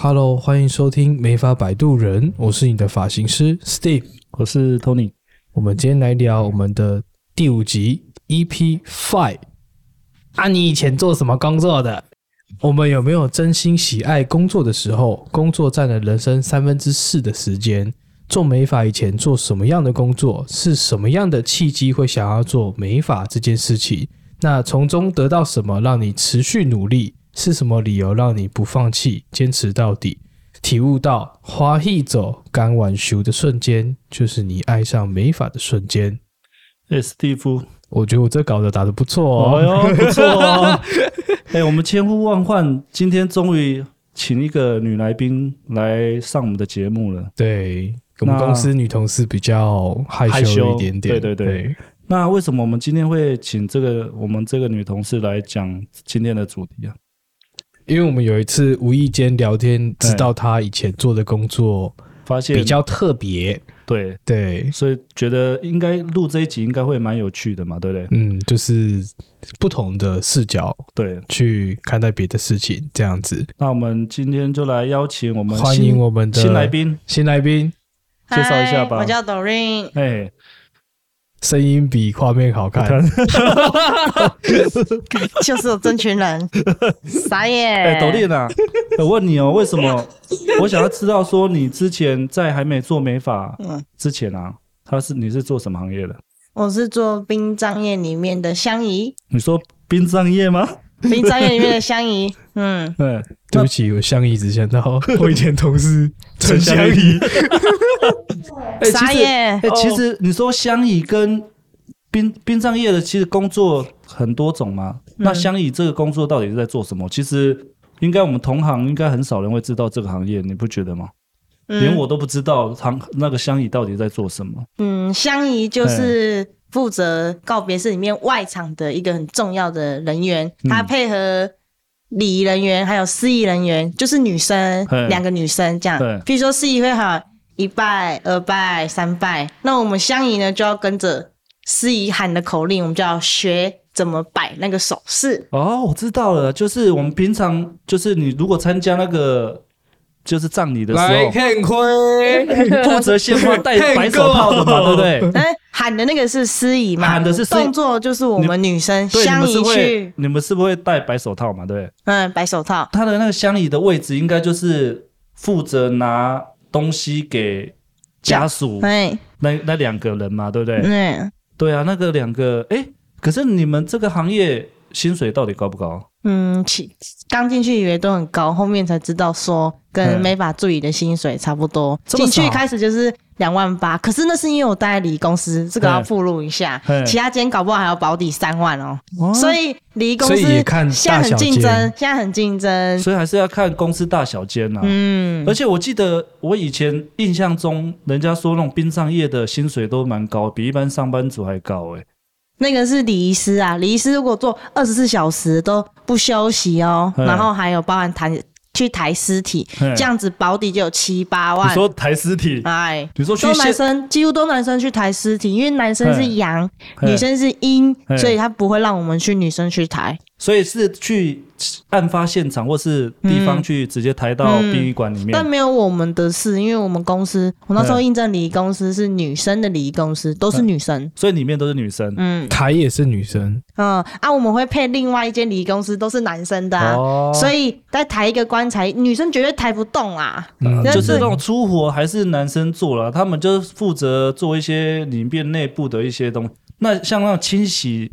哈嘍，歡迎收聽《美髮擺渡人》，我是你的髮型師 Steve，我是 Tony。我們今天來聊我們的第五集 EP Five。啊，你以前做什麼工作的？我們有沒有真心喜愛工作的時候？工作占了人生三分之四的時間。做美髮以前做什麼樣的工作？是什麼樣的契機會想要做美髮這件事情？那從中得到什麼讓你持續努力？是什麼理由讓你不放棄、堅持到底？體悟到歡喜做、甘願受的瞬間，就是你愛上美髮的瞬間。哎、欸，史蒂夫，我覺得我這稿子打得不錯哦、哎，不錯哦。哎 、欸，我們千呼萬喚，今天終於請一個女來賓來上我們的節目了。對，我們公司女同事比較害羞一點點。對對對，對。那為什麼我們今天會請這個我們這個女同事來講今天的主題啊？因為我們有一次無意間聊天，知道他以前做的工作，發現比較特別，對對，所以覺得應該錄這一集應該會蠻有趣的嘛，對不對？嗯，就是不同的視角，對，去看待別的事情這樣子。那我們今天就來邀請我們歡迎我們的新來賓，新來賓介紹一下吧。Hi, 我叫 Doreen。Hey. 聲音比畫面好看， 就是這群人 傻眼。斗笠呢？我問你哦，為什麼？我想要知道說，你之前在還沒做美髮之前啊，他是你是做什麼行業的？我是做殯葬業裡面的香儀。 你說殯葬業嗎？殯 葬業裡面的香姨，嗯，對，對不起，我香姨只想到我以前同事陳 香姨。啥 也、欸其，欸、其實你說香姨跟殯殯葬業的，其實工作很多種嘛。嗯、那香姨這個工作到底是在做什麼？其實應該我們同行應該很少人會知道這個行業，你不覺得嗎？嗯、連我都不知道，他那個香姨到底在做什麼？嗯，香姨就是、欸。負責告別式裡面外場的一個很重要的人員，嗯、他配合禮儀人員還有司儀人員，就是女生兩個女生這樣。譬如說司儀會喊一拜、二拜、三拜，那我們相宜呢就要跟着司儀喊的口令，我們就要學怎麼擺那個手勢。哦，我知道了，就是我們平常就是你如果參加那個就是葬禮的時候，捧着鮮花戴白手套的嘛，對不對？哎、欸。喊的那個是司儀嘛？喊的是動作，就是我們女生司儀去。你們是，會你們是不是會戴白手套嘛？對不對？嗯，白手套。他的那個司儀的位置，應該就是負責拿東西給家屬，哎，那那兩個人嘛，對不對？對，對啊，那個兩個，哎，可是你們這個行業薪水到底高不高？嗯，其，剛進去以為都很高，後面才知道說跟美髮助理的薪水差不多。進去開始就是兩萬八，可是那是因為我待在禮儀公司，這個要附錄一下。其他間搞不好還要保底三萬哦。所以禮儀公司現在很競爭，現在很競爭，所以還是要看公司大小間吶、啊。嗯，而且我記得我以前印象中，人家說那種殯葬業的薪水都蠻高，比一般上班族還高誒、欸。那個是禮儀師啊，禮儀師如果做二十四小時都不休息哦，然後還有包含抬去抬屍體，這樣子保底就有七八萬。比如說抬屍體？哎，比如說去。多男生幾乎都男生去抬屍體，因為男生是陽，女生是陰，所以他不會讓我們去女生去抬。所以是去案發現場或是地方去直接抬到殯儀館裡面、嗯嗯，但沒有我們的事，因為我們公司，我那時候應徵禮儀公司是女生的禮儀公司、嗯，都是女生、嗯，所以裡面都是女生，嗯，抬也是女生，嗯啊，我們會配另外一間禮儀公司都是男生的、啊哦，所以再抬一個棺材，女生絕對抬不動啊，嗯、這就是那種粗活，還是男生做了、嗯，他們就負責做一些裡面內部的一些東西，那像那種清洗。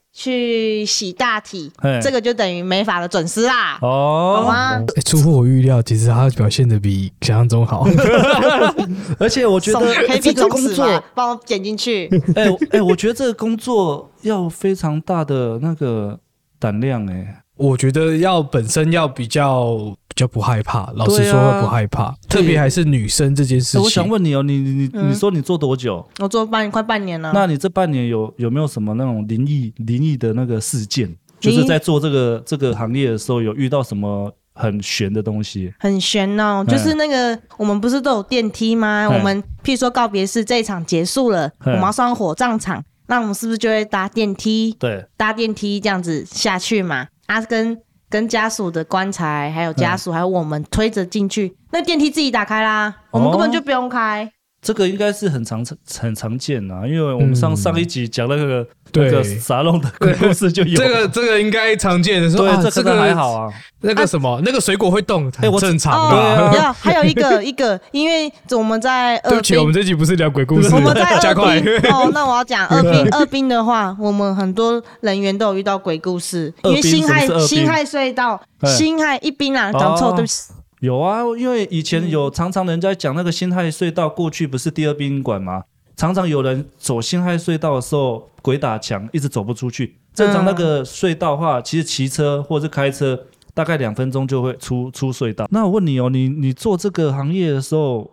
去洗大體，這個就等於沒法的準時啦，哦、好嗎？欸，出乎我預料，其實他表現得比想象中好， 而且我覺得可以、啊、這個工作幫我剪進去。哎、欸欸，我覺得這個工作要非常大的那個膽量哎、欸，我覺得要本身要比較。就不害怕，老實說會不害怕，啊、特別還是女生這件事情。呃、我想問你哦，你你你你說你做多久？嗯、我做半快半年了。那你這半年有有沒有什麼那種靈異靈異的那個事件？就是在做這個這個行業的時候，有遇到什麼很玄的東西？很玄哦，就是那個、嗯、我們不是都有電梯嗎？嗯、我們譬如說告別式這一場結束了，嗯、我們要上火葬場、嗯，那我們是不是就會搭電梯？對，搭電梯這樣子下去嘛？啊跟。跟家屬的棺材，還有家屬，嗯、還有我們推着進去，那電梯自己打開啦，哦、我們根本就不用開。這個應該是很常很常見啊，因為我們上、嗯、上一集講那個，對那個沙龍的鬼故事就有了，這個這個應該常見，你說、啊、這個還好啊？那個什麼、啊、那個水果會動，對，正常的、哦。 還有一個一個，因為我們在二殯，我們這集不是聊鬼故事，我們在加快 哦。那我要講二殯、啊、二殯的話，我們很多人員都有遇到鬼故事，因為辛亥辛亥隧道辛亥一殯啊，找錯、哦，對不起。有啊，因為以前有、嗯、常常人家講那個辛亥隧道，過去不是第二賓館嘛？常常有人走辛亥隧道的時候鬼打牆，一直走不出去。正常那個隧道的話、嗯，其實騎車或者開車大概兩分鐘就會出出隧道。那我問你哦，你你做這個行業的時候，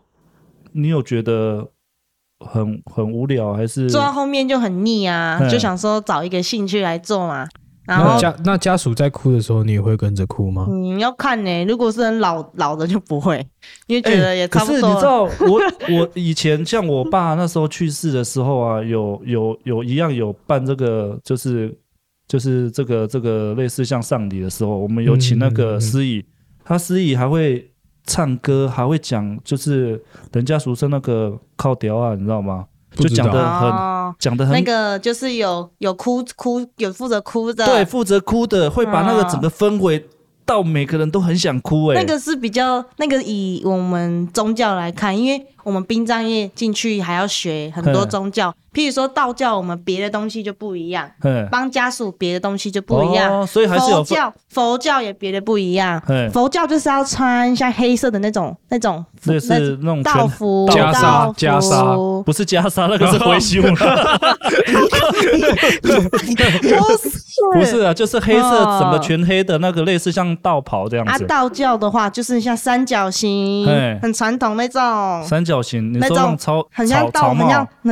你有覺得很很無聊，還是做到後面就很膩啊？就想說找一個興趣來做嘛？.那家然後那家屬在哭的時候，你也會跟着哭嗎？你要看呢、欸，如果是很老老的就不會，因為覺得也差不多、欸。可是你知道， 我我以前像我爸那時候去世的時候啊，有有有，有一樣有辦這個，就是就是這個這個類似像喪禮的時候，我們有請那個司儀、嗯嗯，他司儀還會唱歌，還會講，就是人家俗稱那個靠調啊，你知道嗎？道就講的很。哦講的很那個就是有有哭哭有負責哭的，對，負責哭的會把那個整個氛圍、嗯、到每個人都很想哭哎、欸，那個是比較那個以我們宗教來看，因為，我們殯葬業進去還要學很多宗教，譬如說道教，我們別的東西就不一樣。幫家屬別的東西就不一樣。哦、所以還是有佛教，佛教也別的不一樣。佛教就是要穿像黑色的那種那種。就是那種道服。袈裟，袈裟不是袈裟，那個是灰胸。 不是啊，就是黑色，什、哦、麼全黑的那個，類似像道袍這樣子。啊，道教的話就是像三角形，很傳統那種。三角。你說那種很像草帽一很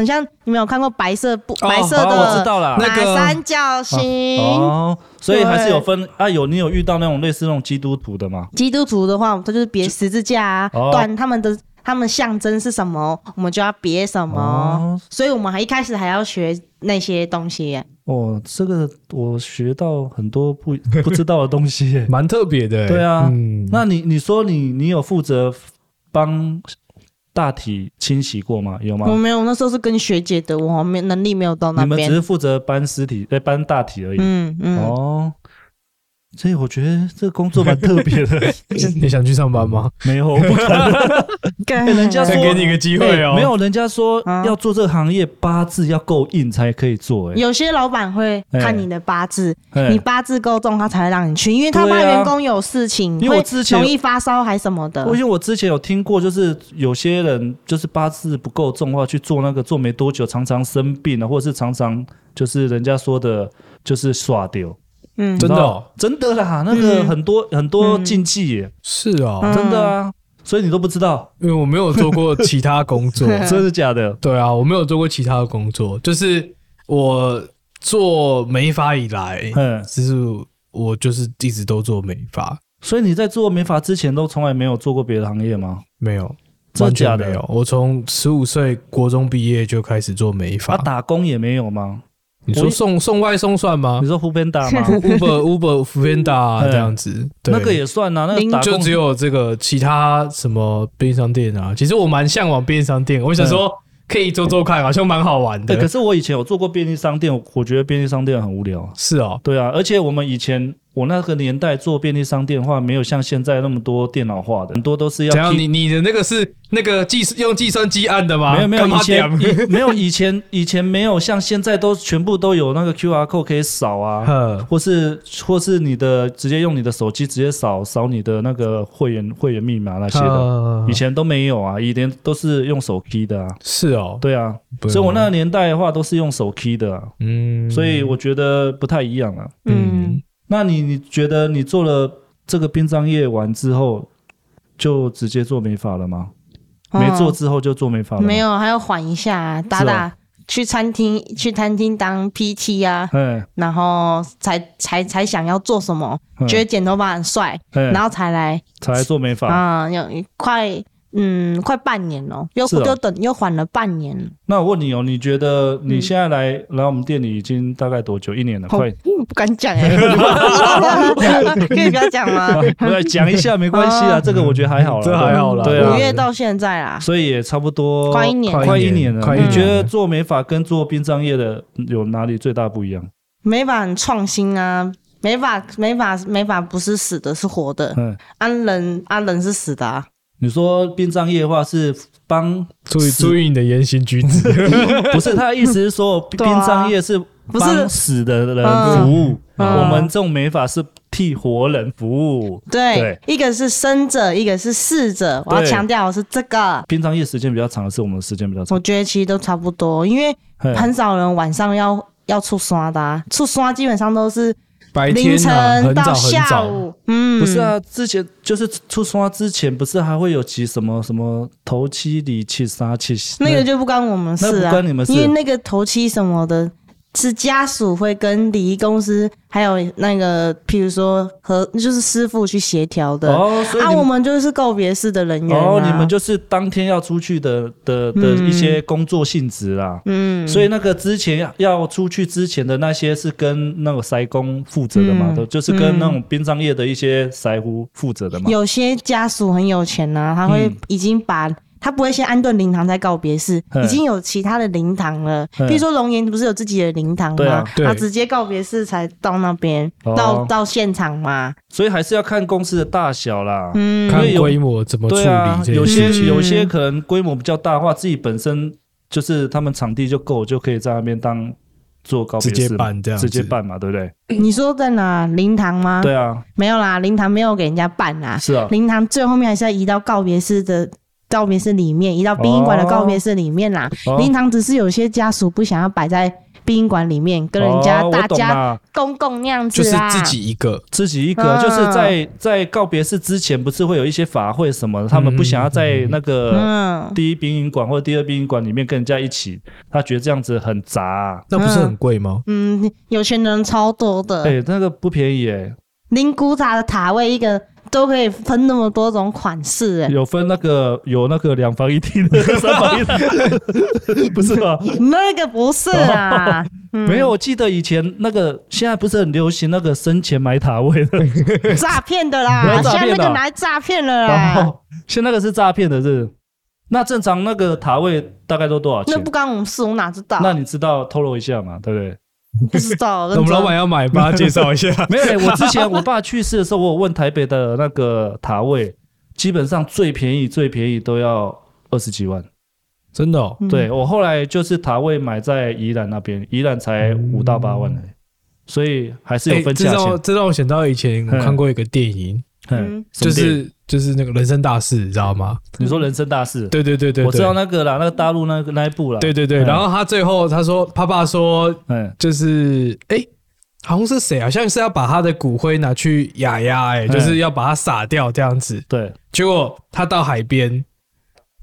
像你們有看過白色布白色的三角形哦，所以還是有分啊。有你有遇到那種類似那種基督徒的嗎？基督徒的話，他就是別十字架、啊，但、哦、他們的他們象徵是什麼，我們就要別什麼、哦。所以我們還一開始還要學那些東西、啊。哦，這個我學到很多不不知道的東西、欸，蠻 特別的、欸。對啊，嗯，那你你說你你有負責幫？大體清洗過嗎？有嗎？我沒有，那時候是跟學姐的，我好像沒能力沒有到那邊。你們只是負責搬屍體，對、呃，搬大體而已。嗯嗯哦。所以我覺得這個工作蠻特別的。 你想去上班嗎？ 沒有，我不敢。 跟人家說、哦欸、沒有人家說、啊、要做這個行業八字要夠硬才可以做、欸。有些老闆會看你的八字，欸、你八字夠重，他才會讓你去，因為他怕員工有事情，因為之前容易發燒還什麼的。因為我，因為我之前有聽過，就是有些人就是八字不夠重的話，去做那個做沒多久，常常生病了，或者是常常就是人家說的，就是耍掉。嗯，真的、哦， 真的啦，那個很多、嗯、很多禁忌耶。是啊，真的啊、嗯，所以你都不知道，因為我沒有做過其他工作，真、 啊、是，是假的。對啊，我沒有做過其他的工作，就是我做美髮以來，嗯，其實我就是一直都做美髮。所以你在做美髮之前，都從來沒有做過別的行業嗎？沒有，真的沒有。我從十五歲國中畢業就開始做美髮、啊，打工也沒有嗎？你說送送外送算嗎？你說 foodpanda 嗎 ？Uber Uber foodpanda、啊、這樣子，對，那個也算啊。那個就只有這個其他什麼便利商店啊。其實我蠻向往便利商店，我想說可以做做看、啊，好像蠻好玩的。對，可是我以前有做過便利商店，我覺得便利商店很無聊。是啊、哦，對啊，而且我們以前。我那個年代做便利商店的話，沒有像現在那麼多電腦化的，很多都是要 key。怎樣？你你的那個是那個計用計算機按的嗎？沒有沒有，沒有，以前以沒有以前以前沒有像現在都全部都有那個 QR code 可以掃啊， 或是或是你的直接用你的手機直接掃掃你的那個會員會員密碼那些的， 以前都沒有啊，以前都是用手 key 的啊。是哦，對啊對、哦，所以我那個年代的話都是用手 key 的啊。嗯，所以我覺得不太一樣啊。嗯。嗯那你你覺得你做了這個殯葬業完之後，就直接做美髮了嗎、嗯？沒做之後就做美髮嗎？沒有，還要緩一下，打打、哦、去餐廳去餐廳當 P T 啊，然後才才才，才想要做什麼，覺得剪頭髮很帥，然後才來才來做美髮啊，一、嗯、快。嗯，快半年了，又、啊、等又等又緩了半年了。那我問你哦，你覺得你現在來來、嗯、我們店裡已經大概多久？一年了，快不敢講哎、欸， 可以不要講嗎？講、啊、一下沒關係啊，這個我覺得還好啦、嗯，這還好啦，對啊，五月到現在啊，所以也差不多快一年了，快一年，快一年了。你、嗯、覺得做美髮跟做殯葬業的有哪裡最大不一樣？美髮很創新啊，美髮美髮美髮不是死的，是活的。安、嗯啊、人安、啊、人是死的啊。你說殯葬業的話，是幫注意注意你的言行舉止， 不是他的意思是說、嗯、殯葬業是幫死的人服務，嗯、我們這種美髮是替活人服務、嗯。對，一個是生者，一個是逝者。我要強調是這個。殯葬業時間比較長的是我們時間比較長。我覺得其實都差不多，因為很少人晚上要要出山的、啊，出山基本上都是、白天、啊，凌晨到下午很早很早、啊，嗯，不是啊，之前就是出出發之前，不是還會有幾什麼什麼頭七、禮七、啥七？那個就不關我們事啊，那不關你們事，因為那個頭七什麼的。是家屬會跟禮儀公司，還有那個，譬如說和就是師傅去協調的。哦，那、啊、我們就是告別式的人員、啊。哦，你們就是當天要出去的的的一些工作性質啦、啊。嗯。所以那個之前要出去之前的那些是跟那個篩工負責的嘛、嗯，就是跟那種殯葬業的一些篩戶負責的嘛。有些家屬很有錢呢、啊，他會已經把。他不會先安頓靈堂再告別式。已經有其他的靈堂了。譬如說龍岩不是有自己的靈堂嗎？他、啊啊、直接告別式才到那邊、哦，到到現場嘛。所以還是要看公司的大小啦，嗯，因為有看規模怎麼處理對、啊。有些有些可能規模比較大的話、嗯，自己本身就是他們場地就夠，就可以在那邊當做告別式嘛，直接辦這樣子直接辦嘛，對不對？你說在哪靈堂嗎？對啊，沒有啦，靈堂沒有給人家辦啊。是啊，靈堂最後面還是要移到告別式的。告別室裡面，移到殯儀館的告別室裡面啦。靈、哦、堂只是有些家屬不想要擺在殯儀館裡面，跟人家大家公共那樣子，就是自己一個，自己一個，嗯、就是在在告別室之前，不是會有一些法會什麼？他們不想要在那個第一殯儀館或者第二殯儀館裡面跟人家一起，他覺得這樣子很雜，那、嗯、不是很貴嗎？嗯，有錢人超多的，哎、欸、那個不便宜哎、欸，靈骨塔的塔位一個。都可以分那麼多種款式，欸，有分那個有那個兩房一廳的、三房一廳的， 不是吧？那個不是啊，嗯，沒有。我記得以前那個，現在不是很流行那個生前買塔位的詐騙的啦， 的啦，現在那個來詐騙了啦。現在那個是詐騙的是不是？那正常那個塔位大概都多少錢？那不關我們事，我哪知道？那你知道透露一下嘛？對不對？不知道，那我們老闆要買吧，幫他介紹一下。 沒有，我之前我爸去世的時候，我有問台北的那個塔位。 基本上最便宜最便宜都要二十幾萬，真的，哦。對、嗯，我後來就是塔位買在宜蘭那邊，宜蘭才五到八萬，欸嗯，所以還是有分價錢。這、欸、讓我想到以前我看過一個電影，嗯，嗯就是。就是那個人生大事，你知道嗎、嗯？你說人生大事，對，對對對對，我知道那個啦，那個大陸那個那一部啦。對對對、嗯，然後他最後他說，爸爸說，嗯，就是哎、欸，好像是誰啊？像是要把他的骨灰拿去壓壓、欸，哎、嗯，就是要把它撒掉這樣子、嗯。對，結果他到海邊，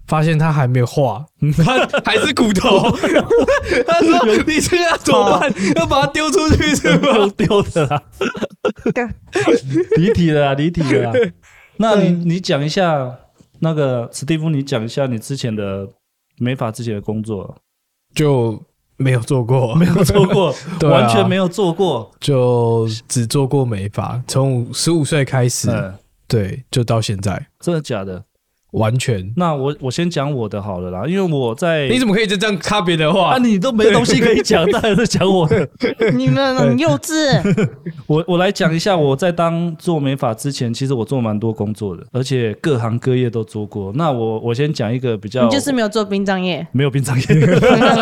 發現他還沒有化、嗯，他還是骨頭。 他說：“你現在要怎麼辦？要把它丟出去是嗎？丟的啦，離 體的啦，離體的啦。”那你、嗯、你講一下那個史蒂夫，你講一下你之前的美髮之前的工作，就沒有做過，沒有做過， 啊、完全沒有做過，就只做過美髮，從十五歲開始、嗯，對，就到現在，真的假的？完全。那我我先講我的好了啦，因為我在你怎麼可以就這樣插別的話？那、啊、你都沒東西可以講，大家都講我的，你們很幼稚 我。我我來講一下，我在當做美髮之前，其實我做蠻多工作的，而且各行各業都做過。那我我先講一個比較，你就是沒有做殯葬業，沒有殯葬業。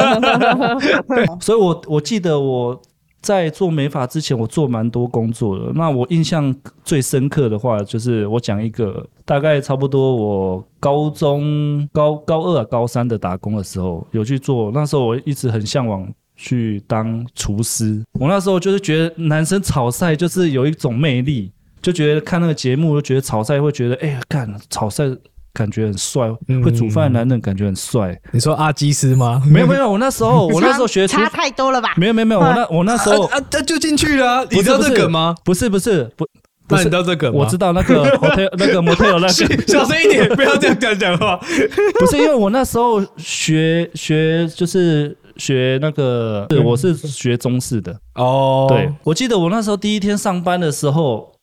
所以我我記得我在做美髮之前，我做蠻多工作的。那我印象最深刻的話，就是我講一個。大概差不多，我高中高高二、啊、高三的打工的時候有去做。那時候我一直很向往去當廚師。我那時候就是覺得男生炒菜就是有一種魅力，就覺得看那個節目，就覺得炒菜會覺得，哎呀，幹炒菜感覺很帥，會煮飯的男人感覺很帥。你說阿基師嗎？沒有沒有，我那時候我那時候學差，差太多了吧？沒有沒有沒有，沒有我那我那時候啊，他、啊、就進去了、啊，你知道這梗嗎？不是不是，不，是不。那你知道這個？我知道那個模特，那個模特有那些、個？小聲一點，不要這樣講講話。 不是因為我那時候學學就是學那個，對，我是學中式的哦、嗯。對哦，我記得我那時候第一天上班的時候，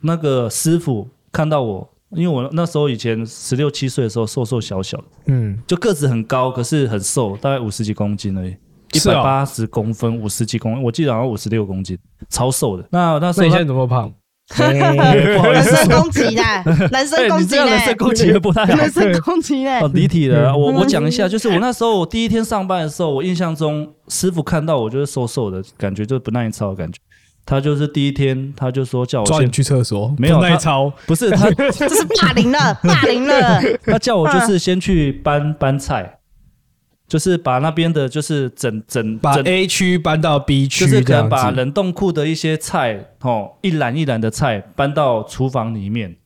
那個師傅看到我，因為我那時候以前十六七歲的時候，瘦瘦小小的，嗯，就個子很高，可是很瘦，大概五十幾公斤而已，一百八十公分，五十、哦、幾公，我記得好像五十六公斤，超瘦的。那那時候那，你現在怎麼胖？人、hey, 身攻擊的。人身攻擊的。人、hey, 身攻擊的不太好。人 身攻擊的，哦、oh, 立體的啦。我我講一下，就是我那時候我第一天上班的時候，我印象中、嗯欸、師傅看到我就是瘦瘦的，感覺就不耐操的感覺。他就是第一天，他就說叫我先抓去廁所，沒有耐操，他不是他就 是霸凌了，霸凌了。 他叫我就是先去搬搬菜。就是把那邊的，就是整整整把 A 區搬到 B 區，就是可能把冷凍庫的一些菜，哦，一籃一籃的菜搬到廚房裡面。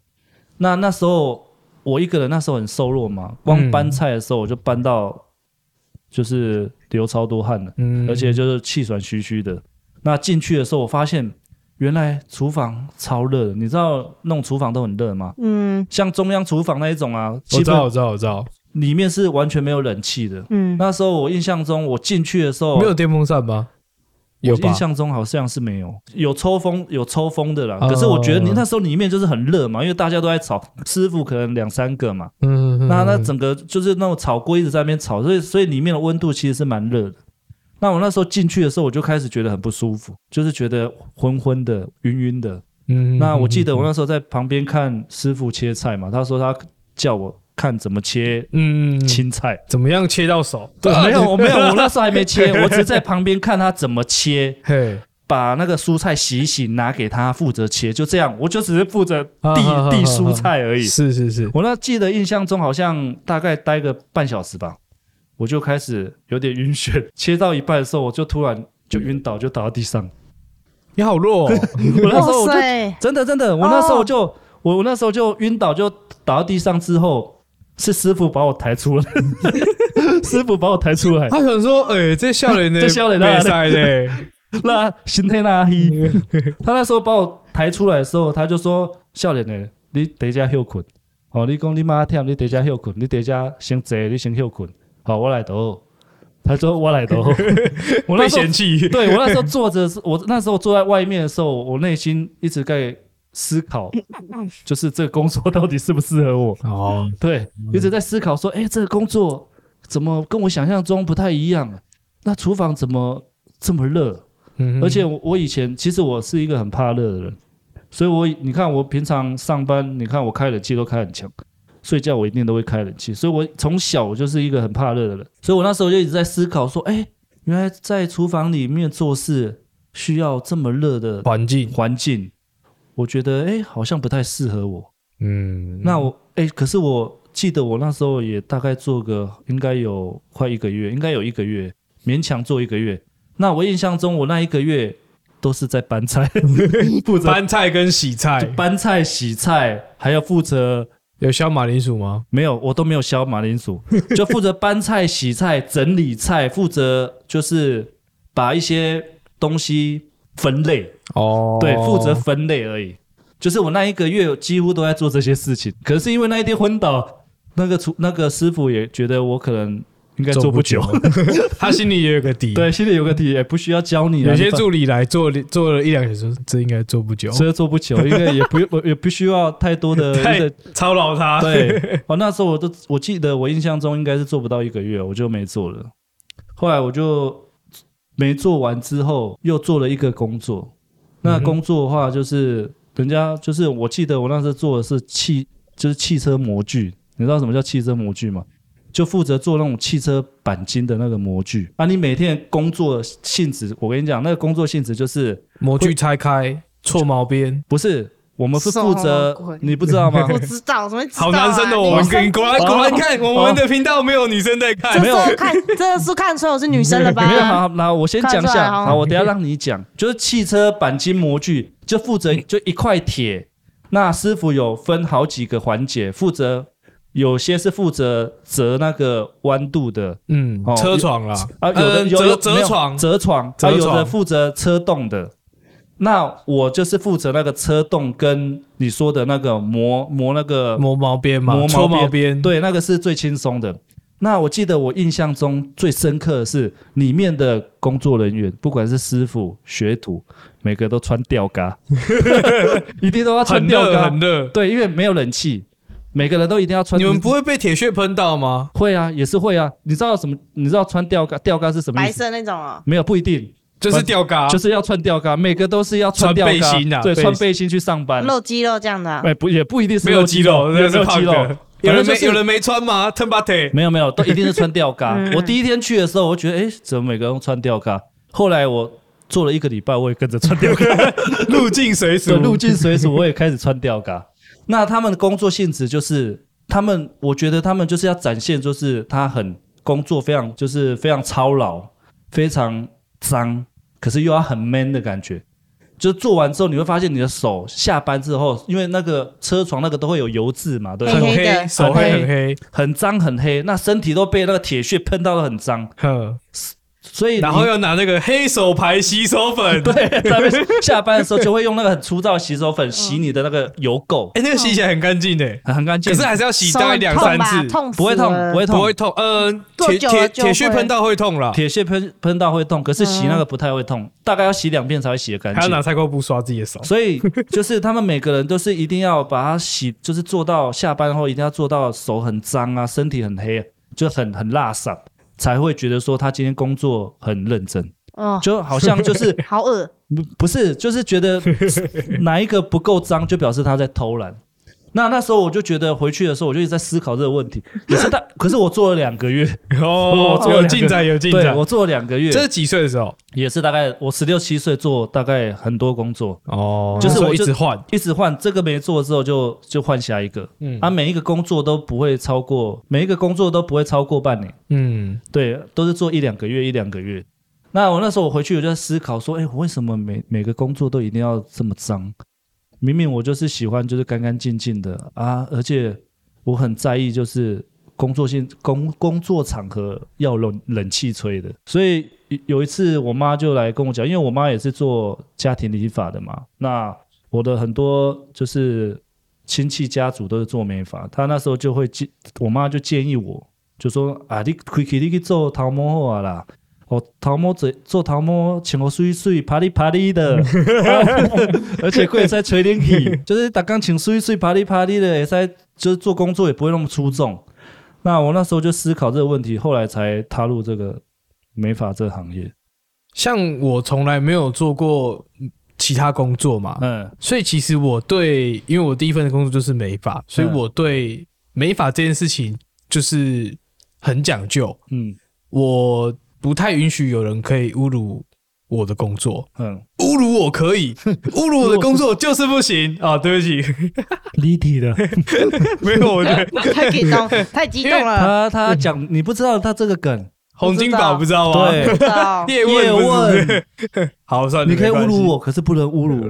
那那時候我一個人，那時候很瘦弱嘛，光搬菜的時候我就搬到，就是流超多汗的，而且就是氣喘吁吁的。那進去的時候，我發現原來廚房超熱的，你知道弄廚房都很熱嗎？嗯，像中央廚房那一種啊，我知道，我知道，我知道。裡面是完全沒有冷氣的。嗯，那時候我印象中，我進去的時候沒有電風扇吧？有印象中好像是沒有，有抽風有抽風的啦。嗯、可是我覺得，你那時候裡面就是很熱嘛，因為大家都在炒，師傅可能兩三個嘛。嗯，嗯，那那整個就是那種炒鍋一直在那邊炒，所以所以裡面的溫度其實是蠻熱的。那我那時候進去的時候，我就開始覺得很不舒服，就是覺得昏昏的、暈暈的。嗯，那我記得我那時候在旁邊看師傅切菜嘛，他說他叫我。看怎麼切，嗯，青菜怎麼樣切到手？對，啊、沒有，我沒有， 我那時候還沒切， 我只在旁邊看他怎麼切， 把那個蔬菜洗一洗，拿給他負責切，就這樣，我就只是負責遞遞、啊、蔬菜而已。是是是，我那記得印象中好像大概待個半小時吧，我就開始有點暈眩，切到一半的時候，我就突然就暈倒，就倒到地上。你好弱哦， 我那時候我就真的真的，我那時候我就我、哦、我那時候就暈倒，就倒到地上之後。是師傅把我抬出來，師傅把我抬出來。 他想說，哎、欸，這呢少年的，這少年的哪，那心態那硬。他那時候把我抬出來的時候，他就說，少年的，你一加休困。哦，你講你媽天，你一加休困，你一加先坐，你先休困。好，我來倒。他說我來倒。 我那時候 嫌棄對，對我那時候坐着候，是 我，我那時候坐在外面的時候，我內心一直在。思考，就是這個工作到底適不適合我？哦，對，嗯、一直在思考說，欸，這個工作怎麼跟我想象中不太一樣？那廚房怎麼這麼熱？嗯、而且我，我以前其實我是一個很怕熱的人，所以我你看我平常上班，你看我開冷氣都開很強，睡覺我一定都會開冷氣，所以我從小就是一個很怕熱的人。所以我那時候就一直在思考說，欸，原來在廚房裡面做事需要這麼熱的環境？環境。我覺得哎，好像不太適合我。嗯，那我哎，可是我記得我那時候也大概做個，應該有快一個月，應該有一個月，勉強做一個月。那我印象中，我那一個月都是在搬菜，負責搬菜跟洗菜，搬菜、洗菜，還要負責有削馬鈴薯嗎？沒有，我都沒有削馬鈴薯，就負責搬菜、洗菜、整理菜，負責就是把一些東西。分類哦，oh. 對，負責分類而已。就是我那一個月幾乎都在做這些事情。可是因為那一天昏倒，那個廚那個師傅也覺得我可能應該做，做不久， 他心裡也有個底。 對，心裡有個底， 也不需要教你。有些助理來做 做了一兩個小時，這應該做不久，所以做不久，應該也不 也不需要太多的 太操勞。他對，我那時候我都我記得，我印象中應該是做不到一個月，我就沒做了。後來我就。沒做完之後，又做了一個工作。那工作的話，就是人家就是，我記得我那時候做的是汽，就是汽車模具。你知道什麼叫汽車模具嗎？就負責做那種汽車鈑金的那個模具。啊，你每天工作性質，我跟你講，那個工作性質就是模具拆開、銼毛邊，不是。我們是負責你，你不知道嗎？不知道，什麼、啊、好男生的我，、啊、生我們給你果然，哦、果然看我們的頻道沒有女生在看。看哦啊、沒有看， 這是，是看出來我是女生了吧？沒有好，好，那我先講一下、哦，好，我等下讓你講。 就是汽車鈑金模具，就負責就一塊鐵、嗯，那師傅有分好幾個環節，負責有些是負責折那個彎度的，嗯，哦、車床啦啊，有的、嗯、有折床，折床，床，啊，有的負責車動的。那我就是負責那個車洞，跟你說的那個磨磨那個磨毛邊嘛，磨毛邊。對，那個是最輕鬆的。那我記得我印象中最深刻的是，裡面的工作人員不管是師傅學徒，每個都穿吊嘎， 一定都要穿吊嘎。 很熱，對，因為沒有冷氣，每個人都一定要穿。你們不會被鐵屑噴到嗎？會啊，也是會啊。你知道什麼？你知道穿吊嘎吊嘎是什麼？白色那種哦、啊？沒有，不一定。就是吊嘎、啊，就是要穿吊嘎，每個都是要穿，穿背心的、啊，對，穿背心去上班，露肌肉這樣的、啊欸。不，也不一定是露肌肉，沒有肌肉，沒有，沒有，肌肉有人沒有人沒穿嗎？騰把腿，沒有沒有，都一定是穿吊嘎。 我第一天去的時候，我覺得，哎、欸，怎麼每個人都穿吊嘎？後來我做了一個禮拜，我也跟着穿吊嘎。入境隨俗，入境隨俗我也開始穿吊嘎。那他們的工作性質就是，他們我覺得他們就是要展現，就是他很工作非常，就是非常操勞，非常髒。可是又要很 man 的感覺，就是做完之後你會發現你的手，下班之後因為那個車床那個都會有油漬嘛，對，很黑，手黑，很黑很黑，很髒很黑，那身體都被那個鐵屑噴到了很髒。所以，然後要拿那個黑手牌洗手粉， 對，下，下班的時候就會用那個很粗糙的洗手粉洗你的那個油垢。哎、 欸，那個洗起來很乾淨的，很乾淨。可是還是要洗大概兩三次，痛，痛不會痛，不會痛，不會痛。嗯、呃，鐵鐵鐵屑噴到會痛啦，會鐵屑噴噴到會痛。可是洗那個不太會痛，嗯、大概要洗兩遍才會洗得乾淨。還要拿菜瓜布刷自己的手。所以就是他們每個人都是一定要把它洗，就是做到下班後一定要做到手很髒啊，身體很黑，就很很辣嗓。才會覺得說他今天工作很認真，oh，就好像就是好惡， 不是，就是覺得哪一個不夠髒，就表示他在偷懶。那那時候我就覺得回去的時候，我就一直在思考這個問題。可是大， 可是我做了兩個月哦、oh，有進展有進展。我做了兩個月，這是幾歲的時候？也是大概我十六七歲做，大概很多工作哦，oh, 就是我就一直換，一直換。這個沒做之後就，就就換下一個。嗯，啊，每一個工作都不會超過，每一個工作都不會超過半年。嗯，對，都是做一兩個月，一兩個月。那我那時候我回去，我就在思考說，哎、欸，我為什麼每每個工作都一定要這麼髒？明明我就是喜歡，就是乾乾淨淨的啊，而且我很在意，就是工作性工工作場合要冷冷氣吹的。所以有一次，我媽就來跟我講，因為我媽也是做家庭理髮的嘛。那我的很多就是親戚家族都是做美髮，她那時候就會建，我媽就建議我就說啊，你可以你去做頭毛好了啦。陶毛嘴做陶毛，唱我水水，爬哩爬哩的。 而且貴在吹冷氣 就是打鋼琴水水，爬哩爬哩的，也在就是做工作也不會那麼出眾。那我那時候就思考這個問題，後來才踏入這個美髮這個行業。像我從來沒有做過其他工作嘛，嗯，所以其實我對，因為我第一份的工作就是美髮，所以我對美髮這件事情就是很講究，嗯，我。不太允許有人可以侮辱我的工作，嗯，侮辱我可以， 侮辱我的工作就是不行 啊！對不起， 離題了。 沒有，我太激動，太激動了。他他講，你不知道他這個梗，洪 金寶不知道嗎？葉 也問，好 不是， 你可以侮辱我， 可是不能侮辱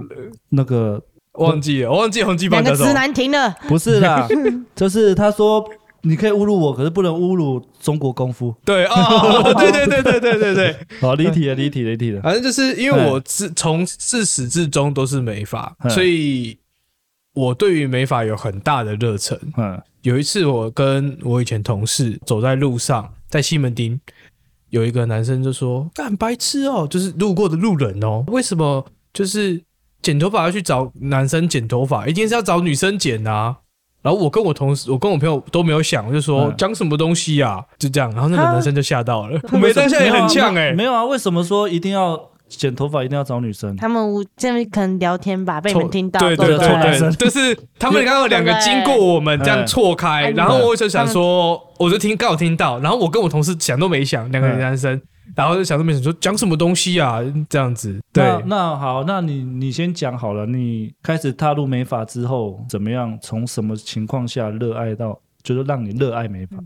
那個忘記了，我忘記洪金寶。兩個直難聽了， 不是啦，就是他說。你可以侮辱我，可是不能侮辱中國功夫。對，哦，對對對對對對對， 好離題了，離題了，離題了。反正就是因為我自從自始至終都是美髮，所以我對於美髮有很大的熱忱。嗯，有一次我跟我以前同事走在路上，在西門町，有一個男生就說：“幹白癡哦，就是路過的路人哦，為什麼就是剪頭髮要去找男生剪頭髮，一定是要找女生剪啊？”然後我跟我同事，我跟我朋友都沒有想，就說、嗯、講什麼東西呀、啊，就這樣。然後那個男生就嚇到了，男生現在也很嗆哎、欸，沒有啊？為什麼說一定要剪頭髮一定要找女生？他們這邊可能聊天吧，被你們聽到。對對對，對，對，對，對，對，對，對就是他們剛剛有兩個經過我們這樣錯開，嗯、對對，然後我就想說，我就聽剛好聽到，然後我跟我同事想都沒想，兩個男生。嗯然後就想着沒事，說講什麼東西啊？這樣子。對，那，那好，那你你先講好了。你開始踏入美髮之後怎麼樣？從什麼情況下熱愛到，就是讓你熱愛美髮？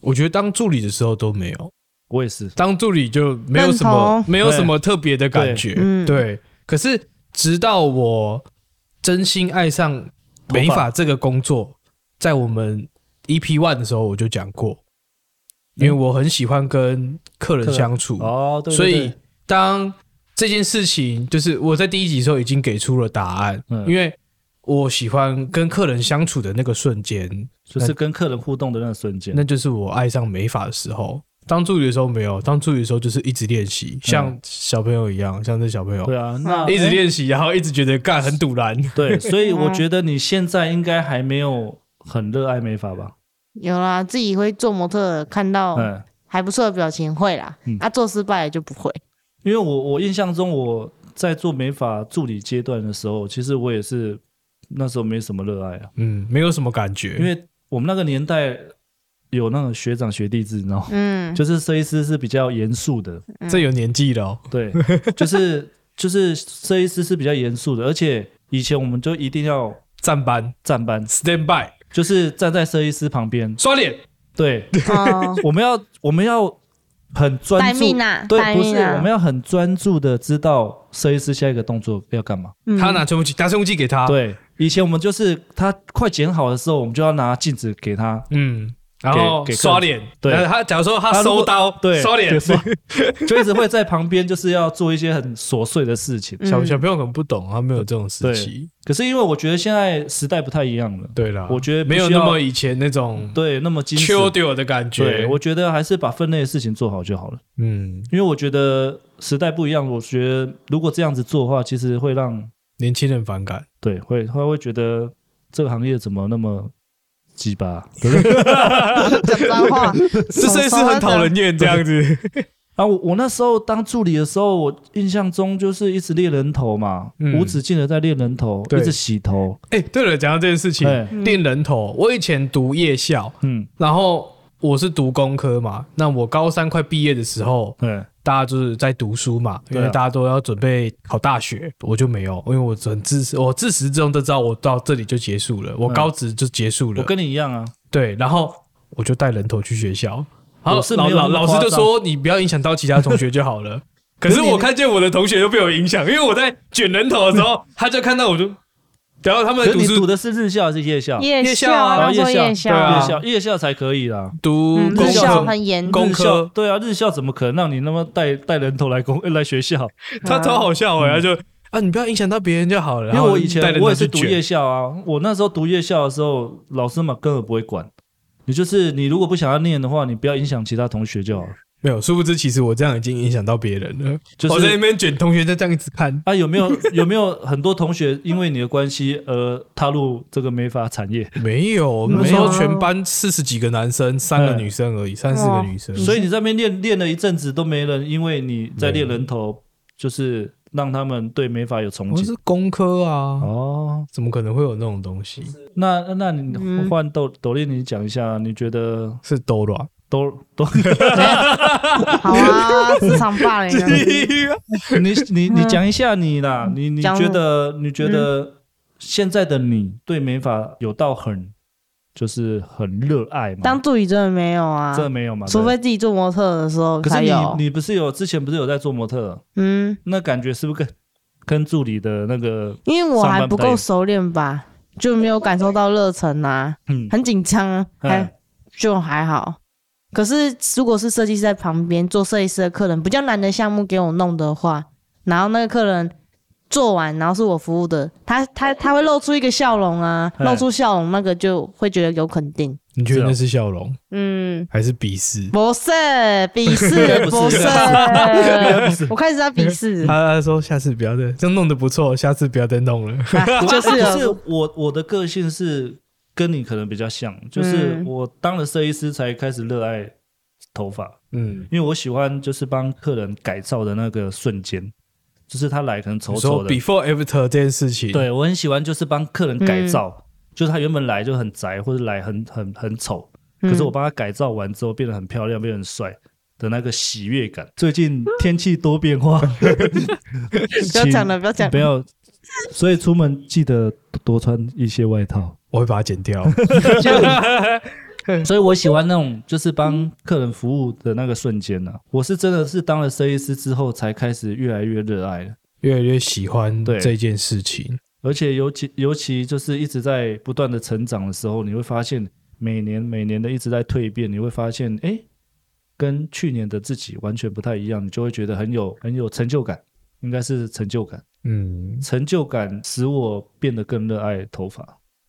我覺得當助理的時候都沒有，我也是當助理就沒有什麼，沒有什麼特別的感覺對。對、嗯。對，可是直到我真心愛上美髮這個工作，在我們 EP one 的時候我就講過。因為我很喜歡跟客人相處人哦，對對對，所以當這件事情就是我在第一集的時候已經給出了答案，嗯、因為我喜歡跟客人相處的那個瞬間，就是跟客人互動的那個瞬間，那就是我愛上美髮的時候。當助理的時候沒有，當助理的時候就是一直練習、嗯，像小朋友一樣，像這小朋友對啊，那一直練習，然後一直覺得幹，很賭爛，對，所以我覺得你現在應該還沒有很熱愛美髮吧？有啦，自己會做模特，看到還不錯的表情，嗯、會啦，嗯、啊，做失敗就不會。因為我我印象中我在做美髮助理階段的時候，其實我也是那時候沒什麼熱愛啊，嗯，沒有什麼感覺。因為我們那個年代有那種學長學弟制，嗯，就是設計師是比較嚴肅的，嗯、這有年紀的、哦，對， 就是就是設計師是比較嚴肅的，而且以前我們就一定要站班，站班，stand by。就是站在設計師旁邊刷臉，對、哦，我們要我們要很專注 對、啊，對，啊，不是我們要很專注的知道設計師下一個動作要幹嘛。他拿吹風機，拿吹風機給他。對，以前我們就是他快剪好的時候，我們就要拿鏡子給他。嗯。然後給刷臉，對。他假如說他收刀，對，刷臉，就一直會在旁邊，就是要做一些很瑣碎的事情。小、 嗯、小朋友可能不懂他沒有這種事情。可是因為我覺得現在時代不太一樣了，對啦，我覺得沒有那麼以前那種對那麼精 Q 的我的感覺。對，我覺得還是把分內的事情做好就好了。嗯，因為我覺得時代不一樣，我覺得如果這樣子做的話，其實會讓年輕人反感。對，會他會覺得這個行業怎麼那麼。雞巴，講白 的話， 這聲音是很討人厭這樣子。啊，我我那時候當助理的時候，我印象中就是一直練人頭嘛，嗯、無止境的在練人頭，一直洗頭。哎、欸，對了，講到這件事情，練人頭，我以前讀夜校，嗯，然後我是讀工科嘛，那我高三快畢業的時候，對。大家就是在讀書嘛、啊，因為大家都要準備考大學，我就沒有，因為我很自我，自始至終都知道我到這裡就結束了，嗯、我高職就結束了。我跟你一樣啊，對，然後我就帶人頭去學校，老師老老老師就說，你不要影響到其他同學就好了。 可是我看見我的同學都被我影響，因為我在捲人頭的時候， 他就看到我就。然後他們讀，你讀的是日校還是夜校？夜校啊，夜校，夜校對、啊，夜校，夜校才可以啦。讀、嗯、日校很嚴，功課對啊，日校怎麼可能讓你那麼帶帶人頭來工來學校、啊？他超好笑哎、欸，嗯、他就啊，你不要影響到別人就好了。因為我以前我也是讀夜校啊，我那時候讀夜校的時候，老師嘛根本不會管，你就是你如果不想要念的話，你不要影響其他同學就好了。沒有，殊不知其實我這樣已經影響到別人了。我，就是哦、在那邊捲同學在這樣一直看啊，有沒有 有沒有很多同學因為你的關係而踏入這個美髮產業？沒有，沒有，全班四十幾個男生，三個女生而已，三四個女生，嗯。所以你在那邊練練了一陣子，都沒人因為你在練人頭，嗯，就是讓他們對美髮有憧憬。哦，是工科啊？哦，怎麼可能會有那種東西？就是，那那你，嗯，換豆豆笠，豆你講一下，你覺得是斗軟？都都、 欸，好啊，職場霸凌。嗯、你你你講一下你啦，嗯、你你覺得你覺得現在的你對美髮有到很、嗯、就是很熱愛嗎？當助理真的沒有啊，真的沒有嘛？除非自己做模特的時候才有，可是你你不是有之前不是有在做模特？嗯，那感覺是不是跟跟助理的那個？因為我還不夠熟練吧，就沒有感受到熱忱啊，嗯，很緊張，還、嗯、就還好。可是，如果是設計師在旁邊做設計師的客人比較難的項目給我弄的話，然後那個客人做完，然後是我服務的，他他他會露出一個笑容啊，露出笑容，那個就會覺得有肯定。你覺得那是笑容？嗯，還是鄙視？不是鄙視，不是。 我開始在鄙視。 他他說：“下次不要再，就弄得不錯，下次不要再弄了。啊”就是，就 是我我的個性是。跟你可能比較像，就是我當了設計師才開始熱愛頭髮，嗯，因為我喜歡就是幫客人改造的那個瞬間，就是他來可能醜丑的，so，before after 這件事情，對，我很喜歡就是幫客人改造、嗯，就是他原本來就很宅或者來很很很醜，可是我幫他改造完之後變得很漂亮，變得很帥的那個喜悅感。最近天氣多變化， 不要講了，不要講，不要，所以出門記得多穿一些外套。我會把它剪掉 就， 所以我喜歡那種就是幫客人服務的那個瞬間、啊、我是真的是當了設計師之後，才開始越來越熱愛，越來越喜歡這件事情。對。而且尤其尤其就是一直在不斷的成長的時候，你會發現每年每年的一直在蛻變，你會發現哎、欸，跟去年的自己完全不太一樣，你就會覺得很有很有成就感，應該是成就感。嗯，成就感使我變得更熱愛頭髮。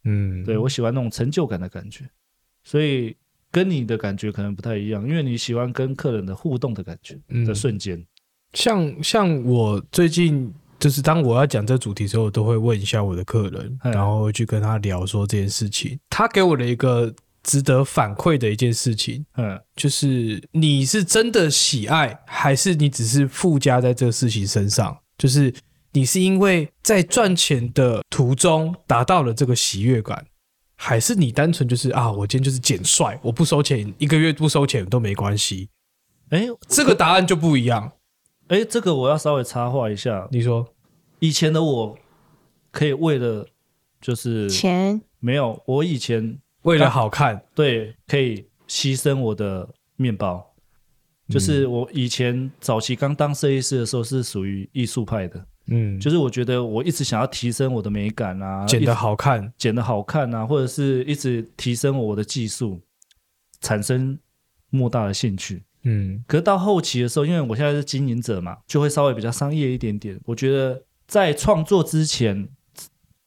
嗯，對，我喜歡那種成就感的感覺，所以跟你的感覺可能不太一樣，因為你喜歡跟客人的互動的感覺的瞬間。像像我最近、嗯、就是當我要講這主題的時候，我都會問一下我的客人，然後去跟他聊說這件事情、嗯。他給我的一個值得反饋的一件事情，嗯，就是你是真的喜愛，還是你只是附加在這個事情身上？就是。你是因為在賺錢的途中達到了這個喜悅感，還是你單純就是啊，我今天就是剪帥，我不收錢，一個月不收錢都沒關係？誒，這個答案就不一樣。誒，這個我要稍微插話一下。你說，以前的我可以為了就是錢沒有，我以前為了好看，對，可以犧牲我的面包。就是我以前早期剛當設計師的時候，是屬於藝術派的。嗯，就是我覺得我一直想要提升我的美感啊，剪的好看，剪的好看啊，或者是一直提升我的技術，產生莫大的興趣。嗯，可是到後期的時候，因為我現在是經營者嘛，就會稍微比較商業一點點。我覺得在創作之前，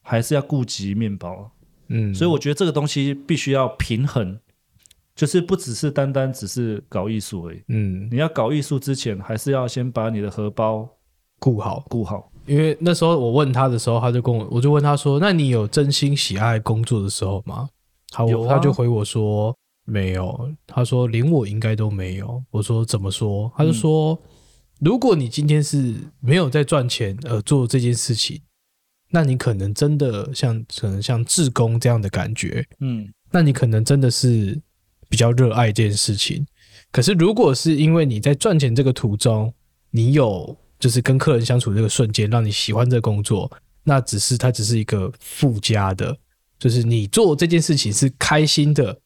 還是要顧及面包啊。嗯，所以我覺得這個東西必須要平衡，就是不只是單單只是搞藝術而已。嗯，你要搞藝術之前，還是要先把你的荷包顧好，顧好。因為那時候我問他的時候，他就跟我，我就問他說：“那你有真心喜愛工作的時候嗎？”他、啊、他就回我說：“沒有。”他說：“連我應該都沒有。”我說：“怎麼說？”他就說、嗯：“如果你今天是沒有在賺錢而做這件事情，那你可能真的像可能像志工這樣的感覺，嗯，那你可能真的是比較熱愛這件事情。可是如果是因為你在賺錢這個途中，你有。”就是跟客人相處的這個瞬間，讓你喜歡這個工作，那只是它只是一個附加的，就是你做這件事情是開心的，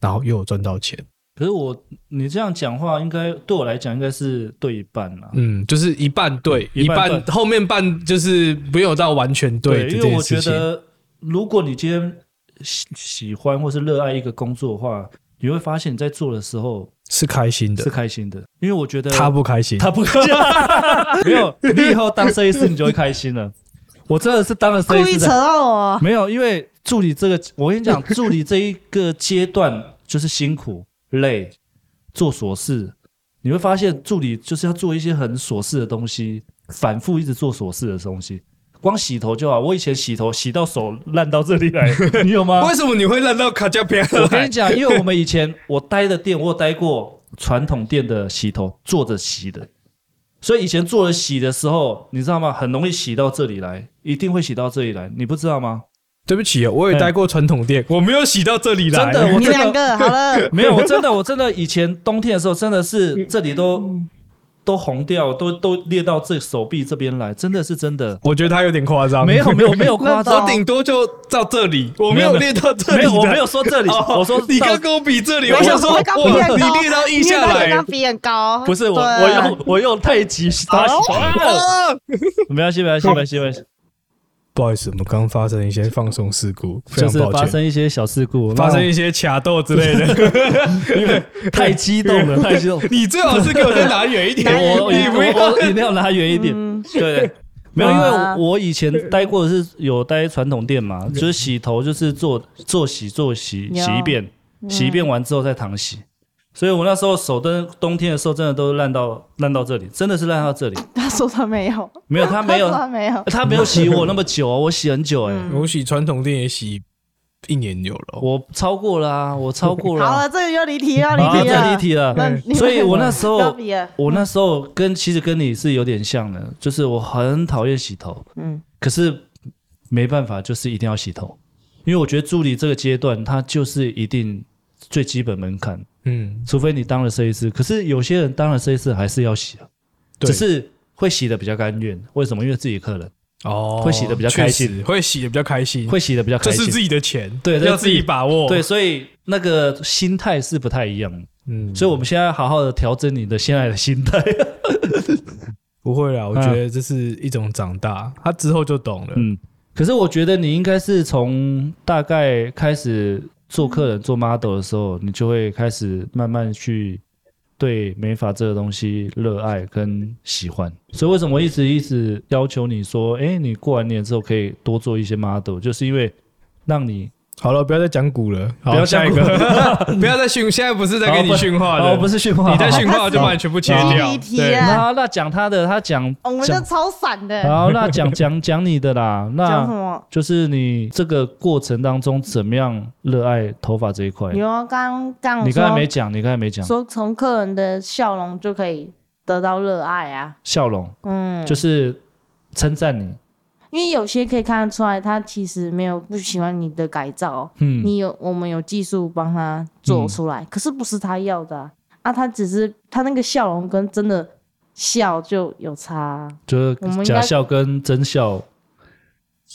然後又有賺到錢。可是我你這樣講話應，應該對我來講應該是對一半啦。嗯，就是一半對，嗯、一半，一半後面半就是沒有到完全對，對。因為我覺得，如果你今天喜，喜歡或是熱愛一個工作的話。你會發現你在做的時候是開心的，是開心的，因為我覺得他不開心，他不開心 沒有，你以後當設計師你就會開心了。我真的是當了設計師，故意扯到我沒有，因為助理這個，我跟你講，助理這一個階段就是辛苦、累，做瑣事。你會發現助理就是要做一些很瑣事的東西，反覆一直做瑣事的東西。光洗頭就好，我以前洗頭洗到手爛到這裡來， 你有嗎？ 為什麼你會爛到卡加皮？我跟你講，因為我們以前我待的店， 我待過傳統店的洗頭坐着洗的，所以以前坐着洗的時候，你知道嗎？很容易洗到這裡來，一定會洗到這裡來，你不知道嗎？對不起、哦，我也待過傳統店、欸，我沒有洗到這裡來，真的。 我真的你們兩個好了， 沒有，我真的，我真的以前冬天的時候真的是這裡都。 都紅掉，都都裂到這手臂這邊來，真的是真的。我覺得他有點誇張，沒有沒有沒有誇張， 我頂多就到這裡，我沒有裂到這裡，裡，我沒有說這裡，我說、哦、你剛剛比這裡，我，我想說比你比你裂到腋下來比很高，不是我我，我用我用太極系、oh? oh! 沒關係沒關係沒關係。不好意思，我們剛剛發生一些放送事故，就是發生一些小事故，發生一些卡斗之類的， 因為太激動了， 太激動。你最好是給我再拿遠一點， 我也，你不要，一定要拿遠一點。嗯、對， 沒有，因為我以前待過的是有待傳統店嘛， 就是洗頭，就是做做洗做洗洗一遍，洗一遍完之後再躺洗。所以我那時候手都冬天的時候，真的都爛到爛到這裡，真的是爛到這裡。他說他沒有，沒有他沒有，他他沒有、啊，他沒有洗我那麼久、哦，我洗很久哎、欸嗯。我洗傳統店也洗一年有了、哦，我超過了啊，我超過了、啊。 好了，這個就離要離題要離題了，離、啊這個、題了。那所以我那時候我那時候跟其實跟你是有點像的，就是我很討厭洗頭，嗯，可是沒辦法，就是一定要洗頭，因為我覺得助理這個階段，它就是一定最基本門檻。嗯，除非你當了設計師，可是有些人當了設計師還是要洗啊，對，只是會洗的比較甘願。為什麼？因為自己客人哦，會洗的比，比較開心，會洗的比較開心，會洗的比較開心，這是自己的錢，對，要，要自己把握。對，所以那個心態是不太一樣的。嗯，所以我們現在要好好的調整你的現在的心態。 不會啦，我覺得這是一種長大，啊，他之後就懂了。嗯，可是我覺得你應該是從大概開始。做客人，做 model 的時候，你就會開始慢慢去對美髮這個東西熱愛跟喜歡。所以為什麼我一直一直要求你說，哎、欸，你過完年之後可以多做一些 model，就是因為讓你。好了，不要再講古了，好，不要下一個， 不要再訓。現在不是在跟你訓話我 不是訓話。 你在訓話，我就把你全部切掉。PPT 啊，然後那講他的，他講、哦，我們都超散的。好，那講講講你的啦。講 什麼？就是你這個過程當中怎麼樣熱愛頭髮這一塊。你剛剛剛，你剛才沒講，你剛才沒講。說從客人的笑容就可以得到熱愛啊。笑容，嗯，就是稱讚你。因為有些可以看得出來，他其實沒有不喜歡你的改造。嗯，你有我們有技術幫他做出來，嗯，可是不是他要的啊！啊他只是他那個笑容跟真的笑就有差，啊，就是假笑跟真笑，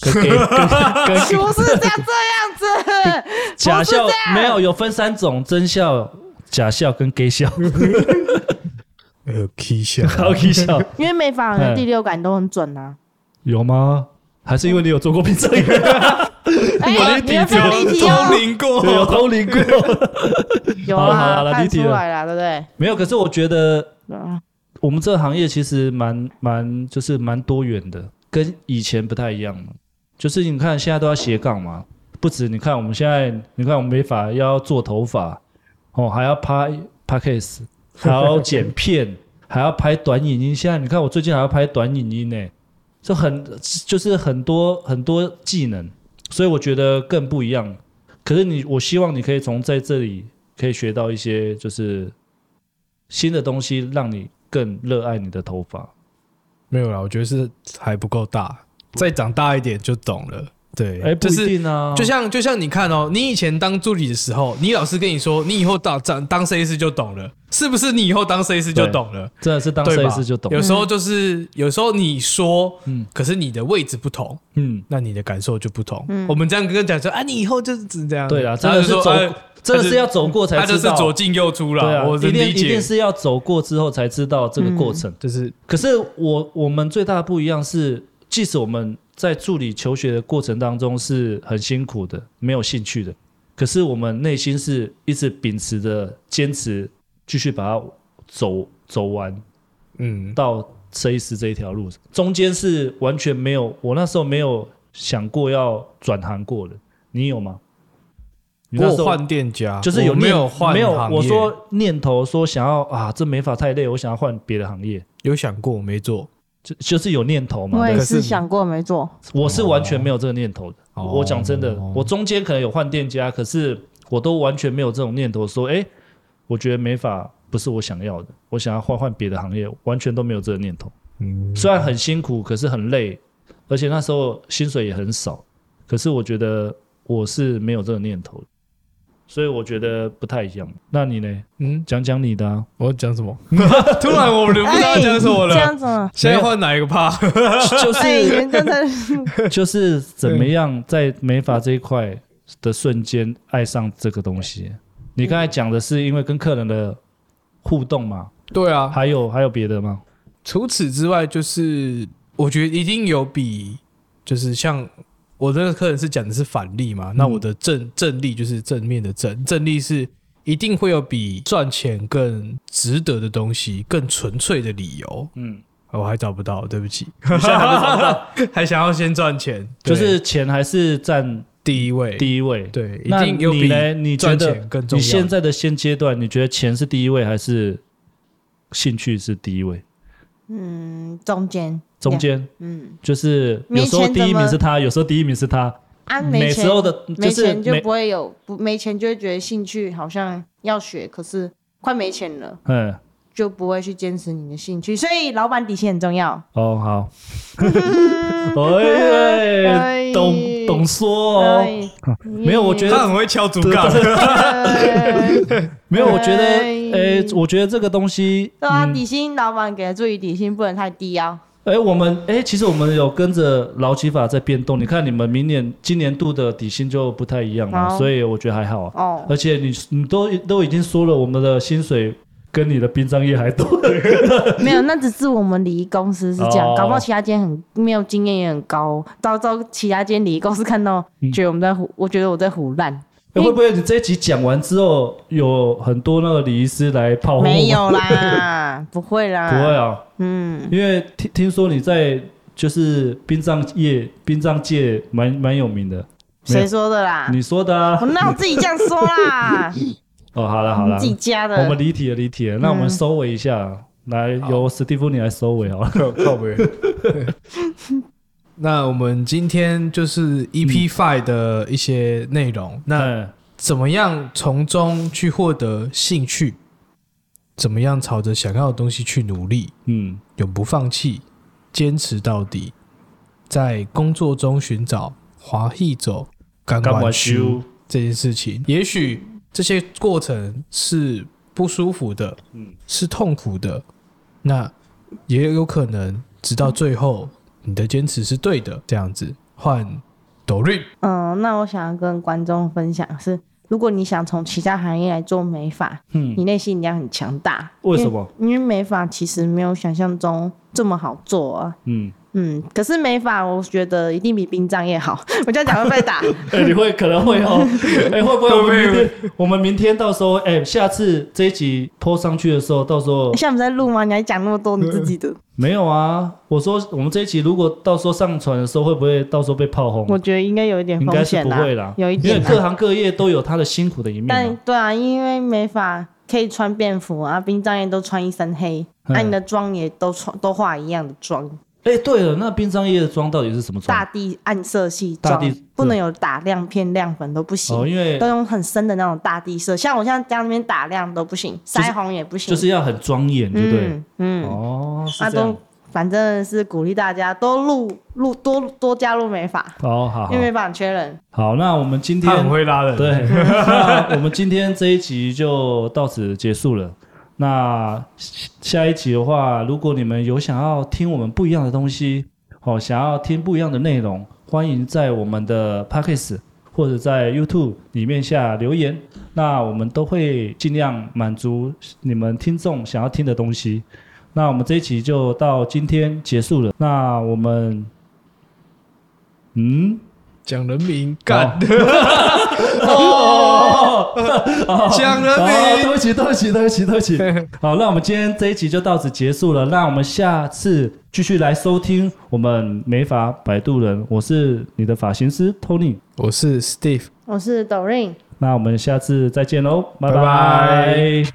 給給跟，真笑跟，跟， 跟，跟，跟 不是像這，這樣子，假笑沒有有分三種：真笑、假笑跟 g 笑。還 有 g key 笑，還有 g 笑，， 因為美髮人的 第六感都很準啊。有嗎？還是因為你有中國、啊 欸、 你你做體、哦、過評、哦、測？ 有都零過，有都零過，有啊，看來體了出來了，對不對？沒有，可是我覺得，我們這個行業其實蠻蠻，就是蠻多元的，跟以前不太一樣了。就是你看，現在都要斜槓嘛，不止。你看，我們現在，你看，我們沒法要做頭髮哦，還要拍拍 case，還要剪片， 還要拍短影音。現在你看，我最近還要拍短影音呢。就很就是很多很多技能，所以我覺得更不一樣。可是你，我希望你可以從在這裡可以學到一些就是新的東西，讓你更熱愛你的頭髮。沒有啦，我覺得是還不夠大。不，再長大一點就懂了。對，哎，欸，不是，啊，就像就像你看哦，你以前當助理的時候，你老師跟你說，你以後當長當設計師就懂了，是不是？你以後當設計師就懂了，真的是當設計師就懂了，嗯。有時候就是有時候你說，嗯，可是你的位置不同，嗯，那你的感受就不同。嗯，我們這樣跟人講說，啊，你以後就是只能這樣，對啊，真的是走，啊，真的是要走過才知道，他就，他就是左進右出了，啊，我理解一定一定是要走過之後才知道這個過程，嗯，就是。可是我我們最大的不一樣是，即使我們。在助理求學的過程當中是很辛苦的，沒有興趣的。可是我們內心是一直秉持着堅持，繼續把它走走完。嗯，到設計師這一條路，中間是完全沒有。我那時候沒有想過要轉行過的，你有嗎？我換店家，就是有，有沒有換，沒有？我說念頭說想要啊，這沒法太累，我想要換別的行業。有想過，沒做。就就是有念頭嘛，我也是想過沒做，我是完全沒有這個念頭的。哦、我講真的，我中間可能有換店家，哦，可是我都完全沒有這種念頭。說，哎、欸，我覺得美髮，不是我想要的，我想要換換別的行業，完全都沒有這個念頭，嗯。雖然很辛苦，可是很累，而且那時候薪水也很少，可是我覺得我是沒有這個念頭的。所以我覺得不太一樣。那你呢？嗯，講講你的啊。我、哦、講什麼？ 突然我們不知道講什麼了。講、欸、什麼？現在換哪一個 part、欸、 就是、欸、就是怎麼樣在美髮這一塊的瞬間愛上這個東西？欸、你剛才講的是因為跟客人的互動嘛？嗯、對啊。還有還有別的嗎？除此之外，就是我覺得一定有比，就是像。我這個客人是講的是反例嘛，那我的正正例就是正面的正正例是一定會有比賺錢更值得的東西、更純粹的理由。嗯，我、哦、還找不到，對不起，你現在還在找到 還想要先賺錢，就是錢還是佔第一位，第一位。對，一定有比賺錢更重要。那你呢？你覺得？你現在的現階段，你覺得錢是第一位還是興趣是第一位？嗯，中間。中間、yeah,，嗯，就是，有時，是有時候第一名是他，有時候第一名是他。啊，沒錢、嗯、沒的、就是，沒錢就不會有，不沒錢就會覺得興趣好像要學，可是快沒錢了，嗯，就不會去堅持你的興趣。所以老闆底薪很重要。哦，好， 嗯、哎，哎 懂哎懂說哦，哎、沒有，我覺得他很會敲竹槓。沒有，我覺得， 哎，我得哎，我覺得這個東西，對啊、嗯，底薪老闆給的注意，底薪不能太低啊。哎、欸，我們哎、欸，其實我們有跟着勞基法在變動。你看，你們明年、今年度的底薪就不太一樣了，oh. 所以我覺得還好、啊。哦、oh. 而且你你都都已經說了，我們的薪水跟你的殯葬業還多了。 沒有，那只是我們禮儀公司是這樣，oh. 搞不好其他間很沒有經驗也很高，招招其他間禮儀公司看到、嗯，覺得我們在唬，我覺得我在唬爛。欸、會不會你這一集講完之後，有很多那個禮儀師來炮轟？沒有啦，不會啦， 不會啊，嗯，因為聽聽說你在就是殯葬業、殯葬界蠻蠻有名的，誰說的啦？你說的啊？那我自己這樣說啦、啊。 哦，好了好了，自己家的，我們離題了，離題了，那我們收尾一下，嗯、來由史蒂夫你來收尾好了，靠北 那我們今天就是 EP Five 的一些內容、嗯。那怎麼樣從中去獲得興趣、嗯？怎麼樣朝着想要的東西去努力？嗯，永不放棄，堅持到底，在工作中尋找歡喜做、甘願受這件事情。也許這些過程是不舒服的，嗯、是痛苦的。那也有可能直到最後。嗯。你的堅持是對的，這樣子換 Dori。嗯、呃，那我想要跟觀眾分享是，如果你想從其他行業來做美髮，嗯，你內心一定要很強大。為什麼？因為，因為美髮其實沒有想象中這麼好做啊。嗯。嗯，可是美髮，我覺得一定比殯葬業好。我講講會被打 、欸，你會可能會哦，哎、 欸，會不會我們明天 我們明天到時候，哎、欸，下次這一集拖上去的時候，到時候現在我們在錄嗎？你還講那麼多你自己的、嗯？沒有啊，我說我們這一集如果到時候上傳的時候，會不會到時候被炮轟？我覺得應該有一點風險、啊、應該是不會啦，有一點、啊，因為各行各業都有他的辛苦的一面。但對啊，因為美髮可以穿便服啊，殯葬業都穿一身黑，那、嗯啊、你的妝也都穿都化一樣的妝。哎、欸，對了，那殯葬業的妝到底是什麼妝？大地暗色系，大地，不能有打亮片、亮粉都不行，哦、因為，都用很深的那種大地色。像我現在家那邊打亮都不行，就是，腮紅也不行，就是要很莊嚴，對不對？嗯，哦，是、啊、都反正是鼓勵大家都入入多多，多加入美髮哦，好，好，因為美髮很缺人。好，那我們今天很會拉人。對， 我們今天這一集就到此結束了。那下一集的話，如果你們有想要聽我們不一樣的東西，哦，想要聽不一樣的內容，歡迎在我們的 Podcast 或者在 YouTube 裡面下留言。那我們都會盡量滿足你們聽眾想要聽的東西。那我們這一集就到今天結束了。那我們，嗯，講人民幹 oh. oh. 講了你，哦，對不起，對不起，對不起，對不起。 好，那我們今天這一集就到此結束了。那我們下次繼續來收聽我們美髮擺渡人。我是你的髮型師 Tony，我是 Steve，我是 Doreen。那我們下次再見嘍，拜拜。Bye bye